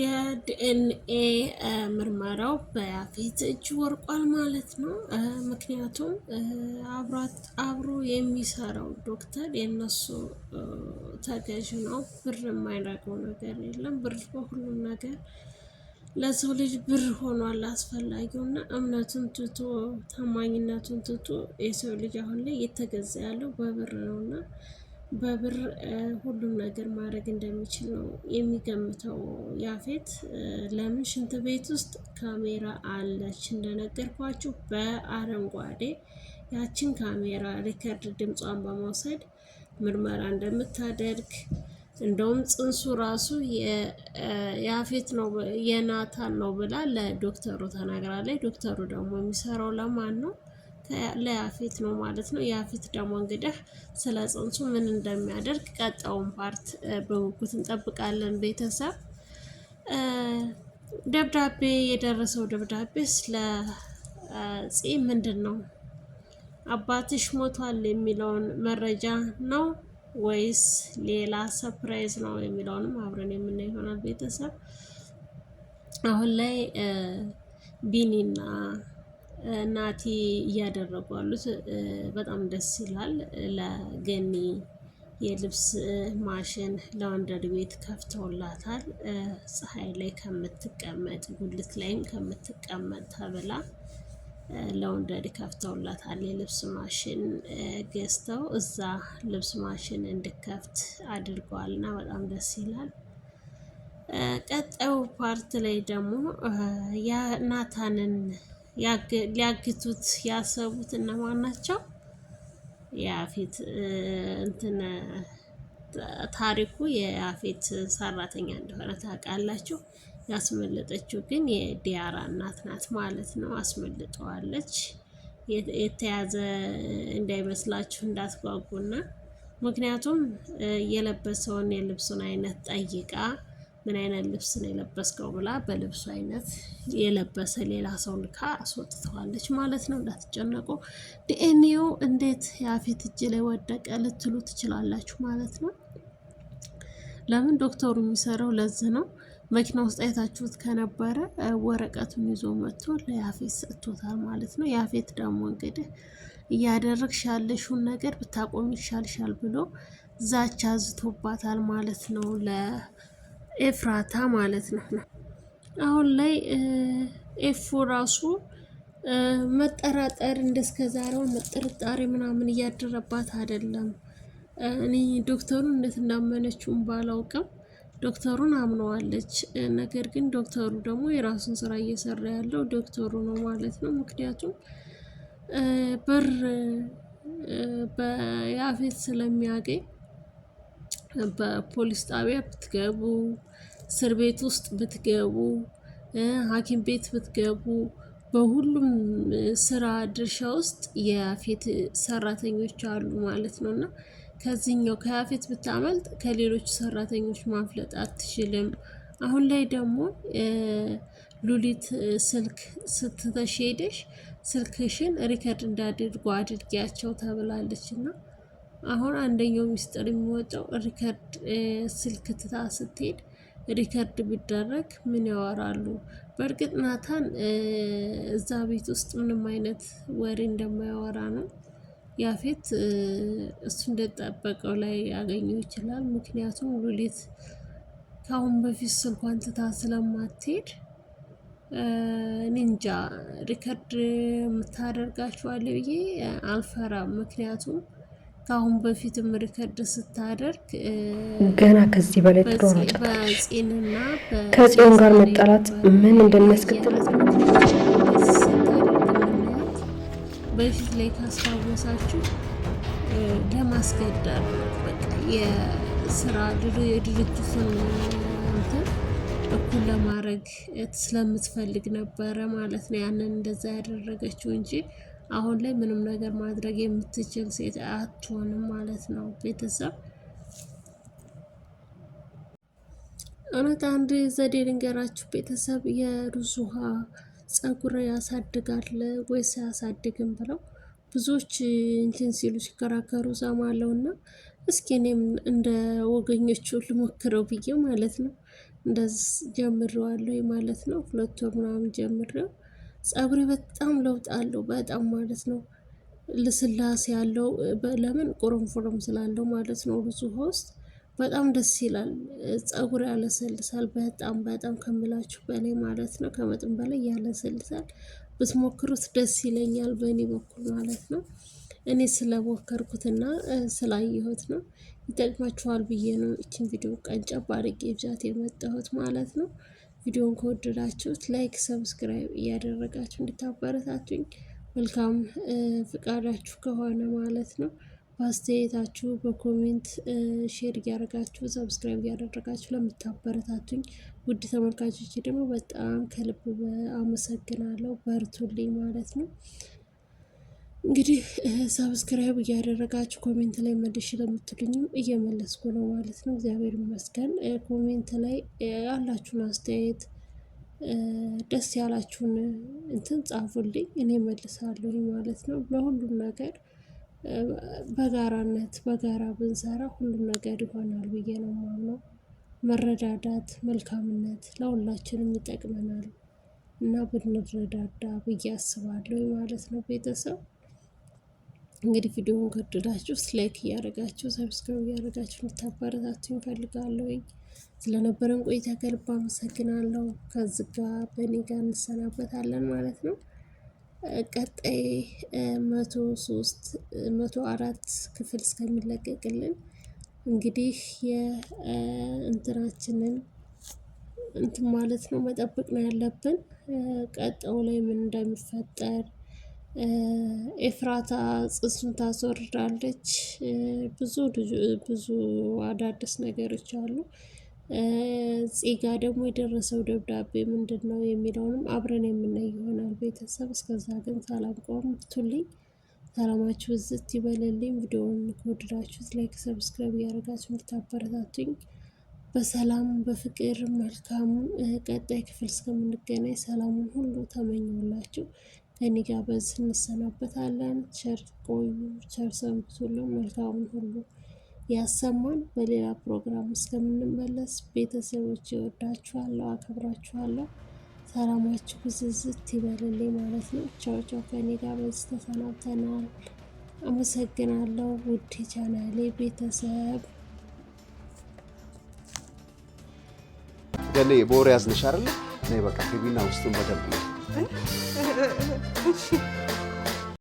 የዲኤንኤ ምርመራው በያፌት እጅ ወርቋል ማለት ነው። ምክንያቱም አብራት አብሮ የሚሰራው ዶክተር የነሱ ተገዥ ነው። ብር የማይረገው ነገር የለም። ብር በሁሉም ነገር ለሰው ልጅ ብር ሆኗል አስፈላጊው እና እምነቱን ትቶ ታማኝነቱን ትቶ የሰው ልጅ አሁን ላይ እየተገዛ ያለው በብር ነው እና በብር ሁሉም ነገር ማድረግ እንደሚችል ነው የሚገምተው ያፌት። ለምን ሽንት ቤት ውስጥ ካሜራ አለች እንደነገርኳችሁ፣ በአረንጓዴ ያችን ካሜራ ሪከርድ ድምጿን በመውሰድ ምርመራ እንደምታደርግ እንደውም ጽንሱ ራሱ የያፌት ነው የናታን ነው ብላ ለዶክተሩ ተናግራለች። ዶክተሩ ደግሞ የሚሰራው ለማን ነው? ለያፌት ነው ማለት ነው። ያፌት ደግሞ እንግዲህ ስለ ጽንሱ ምን እንደሚያደርግ ቀጣውን ፓርት በጉጉት እንጠብቃለን። ቤተሰብ ደብዳቤ የደረሰው ደብዳቤ ስለ ጽ ምንድን ነው አባትሽ ሞቷል የሚለውን መረጃ ነው ወይስ ሌላ ሰፕራይዝ ነው የሚለውንም አብረን የምናይ ይሆናል ቤተሰብ አሁን ላይ ቢኒና ናቲ እያደረጉ ያሉት በጣም ደስ ይላል። ለገኒ የልብስ ማሽን ለወንደድ ቤት ከፍተውላታል። ፀሐይ ላይ ከምትቀመጥ ጉልት ላይም ከምትቀመጥ ተብላ ለወንደድ ከፍተውላታል የልብስ ማሽን ገዝተው እዛ ልብስ ማሽን እንድከፍት አድርገዋልና በጣም ደስ ይላል። ቀጣዩ ፓርት ላይ ደግሞ ናታንን ሊያግቱት ያሰቡት እነማን ናቸው? የአፌት እንትን ታሪኩ የአፌት ሰራተኛ እንደሆነ ታውቃላችሁ። ያስመለጠችው ግን የዲያራ እናት ናት ማለት ነው። አስመልጠዋለች። የተያዘ እንዳይመስላችሁ እንዳትጓጉና፣ ምክንያቱም የለበሰውን የልብሱን አይነት ጠይቃ ምን አይነት ልብስ ነው የለበስከው ብላ በልብሱ አይነት የለበሰ ሌላ ሰው ልካ አስወጥተዋለች ማለት ነው። እንዳትጨነቁ። ዲኤንኤው እንዴት የአፌት እጅ ላይ ወደቀ ልትሉ ትችላላችሁ ማለት ነው። ለምን ዶክተሩ የሚሰራው ለዚህ ነው። መኪና ውስጥ አይታችሁት ከነበረ ወረቀቱን ይዞ መጥቶ ለያፌት ሰጥቶታል ማለት ነው። ያፌት ደግሞ እንግዲህ እያደረግሽ ያለሽውን ነገር ብታቆሚ ይሻልሻል ብሎ ዛቻ ዝቶባታል ማለት ነው። ኤፍራታ ማለት ነው። አሁን ላይ ኤፉ ራሱ መጠራጠር እንደስከ ዛሬው መጠርጣሬ ምናምን እያደረባት አይደለም። እኔ ዶክተሩን እንዴት እንዳመነችውን ባላውቅም ዶክተሩን አምነዋለች። ነገር ግን ዶክተሩ ደግሞ የራሱን ስራ እየሰራ ያለው ዶክተሩ ነው ማለት ነው። ምክንያቱም ብር በያፌት ስለሚያገኝ በፖሊስ ጣቢያ ብትገቡ፣ እስር ቤት ውስጥ ብትገቡ፣ ሐኪም ቤት ብትገቡ፣ በሁሉም ስራ ድርሻ ውስጥ የፌት ሰራተኞች አሉ ማለት ነው እና ከዚህኛው ከያፌት ብታመልጥ ከሌሎች ሰራተኞች ማፍለጥ አትችልም። አሁን ላይ ደግሞ ሉሊት ስልክ ስትተሽ ሄደሽ ስልክሽን ሪከርድ እንዳድርጎ አድርጊያቸው ተብላለች እና አሁን አንደኛው ሚስጥር የሚወጣው ሪከርድ ስልክ ትታ ስትሄድ ሪከርድ ቢደረግ ምን ያወራሉ? በእርግጥ ናታን እዛ ቤት ውስጥ ምንም አይነት ወሬ እንደማያወራ ነው። ያፌት እሱ እንደጠበቀው ላይ ያገኘው ይችላል። ምክንያቱም ሉሊት ከአሁን በፊት ስልኳን ትታ ስለማትሄድ ኒንጃ ሪከርድ የምታደርጋችኋለ ብዬ አልፈራም። ምክንያቱም ከአሁን በፊትም ሪከርድ ስታደርግ ገና ከዚህ በላይ ትሯሯጫለች። ከጽዮን ጋር መጣላት ምን እንደሚያስከትል በፊት ላይ ካስታወሳችሁ ለማስገደር የስራ የድርጅቱን እንትን እኩል ለማድረግ ስለምትፈልግ ነበረ ማለት ነው ያንን እንደዛ ያደረገችው እንጂ አሁን ላይ ምንም ነገር ማድረግ የምትችል ሴት አትሆንም ማለት ነው። ቤተሰብ እውነት አንድ ዘዴ ልንገራችሁ ቤተሰብ የሩዝ ውሃ ጸጉር ያሳድጋል ወይስ አያሳድግም ብለው ብዙዎች እንትን ሲሉ ሲከራከሩ ሰማለሁ እና እስኪ እኔም እንደ ወገኞቹ ልሞክረው ብዬ ማለት ነው እንደዚህ ጀምሬዋለሁ ማለት ነው። ሁለት ወር ምናምን ጀምሬው ፀጉሬ በጣም ለውጥ አለው በጣም ማለት ነው። ልስላሴ ያለው ለምን ቁርምፉርም ስላለው ማለት ነው። ብዙ ሆስት ውስጥ በጣም ደስ ይላል። ፀጉር ያለሰልሳል በጣም በጣም ከምላችሁ በላይ ማለት ነው። ከመጠን በላይ ያለሰልሳል። ብትሞክሩት ደስ ይለኛል በእኔ በኩል ማለት ነው። እኔ ስለሞከርኩትና ስላየሁት ነው ይጠቅማችኋል ብዬ ነው ይችን ቪዲዮ ቀንጨብ አድርጌ ብዛት የመጣሁት ማለት ነው። ቪዲዮን ከወደዳችሁት ላይክ፣ ሰብስክራይብ እያደረጋችሁ እንድታበረታቱኝ መልካም ፍቃዳችሁ ከሆነ ማለት ነው። በአስተያየታችሁ በኮሜንት ሼር እያደረጋችሁ ሰብስክራይብ እያደረጋችሁ ለምታበረታቱኝ ውድ ተመልካቾች ደግሞ በጣም ከልብ አመሰግናለሁ። በርቱልኝ ማለት ነው። እንግዲህ ሰብስክራይብ እያደረጋችሁ ኮሜንት ላይ መልሽ ለምትሉኝም እየመለስኩ ነው ማለት ነው። እግዚአብሔር ይመስገን። ኮሜንት ላይ ያላችሁን አስተያየት፣ ደስ ያላችሁን እንትን ጻፉልኝ፣ እኔ መልሳለሁ ማለት ነው። ለሁሉም ነገር በጋራነት በጋራ ብንሰራ ሁሉም ነገር ይሆናል ብዬ ነው የማምነው። መረዳዳት፣ መልካምነት ለሁላችንም ይጠቅመናል እና ብንረዳዳ ብዬ አስባለሁ ማለት ነው ቤተሰብ እንግዲህ ቪዲዮውን ከወደዳችሁ ላይክ እያደረጋችሁ ሰብስክራይብ እያደረጋችሁ እንድታበረታችሁ እንፈልጋለሁ። ስለነበረን ቆይታ ከልብ አመሰግናለሁ። ከዚህ ጋር በእኔ ጋር እንሰናበታለን ማለት ነው። ቀጣይ መቶ ሶስት መቶ አራት ክፍል እስከሚለቀቅልን እንግዲህ የእንትናችንን እንትን ማለት ነው መጠበቅ ነው ያለብን። ቀጣው ላይ ምን እንደሚፈጠር ኤፍራታ ጽንሱን ታስወርዳለች። ብዙ ብዙ አዳዲስ ነገሮች አሉ። ፂጋ ደግሞ የደረሰው ደብዳቤ ምንድን ነው የሚለውንም አብረን የምናይ ይሆናል። ቤተሰብ እስከዛ ግን ሰላም ቆምቱልኝ። ሰላማችሁ ዝት ይበልልኝ። ቪዲዮውን ከወደዳችሁት ላይክ፣ ሰብስክራይብ እያደረጋችሁ ልታበረታቱኝ በሰላም በፍቅር መልካም ቀጣይ ክፍል እስከምንገናኝ ሰላሙን ሁሉ ተመኘሁላችሁ። ከእኔ ጋር በዚህ እንሰናበታለን። ቸር ቆዩ፣ ቸር ሰንብቱልን። መልካሙን ሁሉ ያሰማን። በሌላ ፕሮግራም እስከምንመለስ ቤተሰቦች ይወዳችኋለሁ፣ አከብራችኋለሁ። ሰላማችሁ ብዝዝት ይበልልኝ ማለት ነው። ቻው ቻው። ከእኔ ጋር በዚህ ተሰናብተናል። አመሰግናለሁ ውድ ቻናሌ ቤተሰብ። ገሌ ቦር ያዝንሻ አይደለ? እኔ በቃ ግቢና ውስጡን በደንብ ነው 嗯。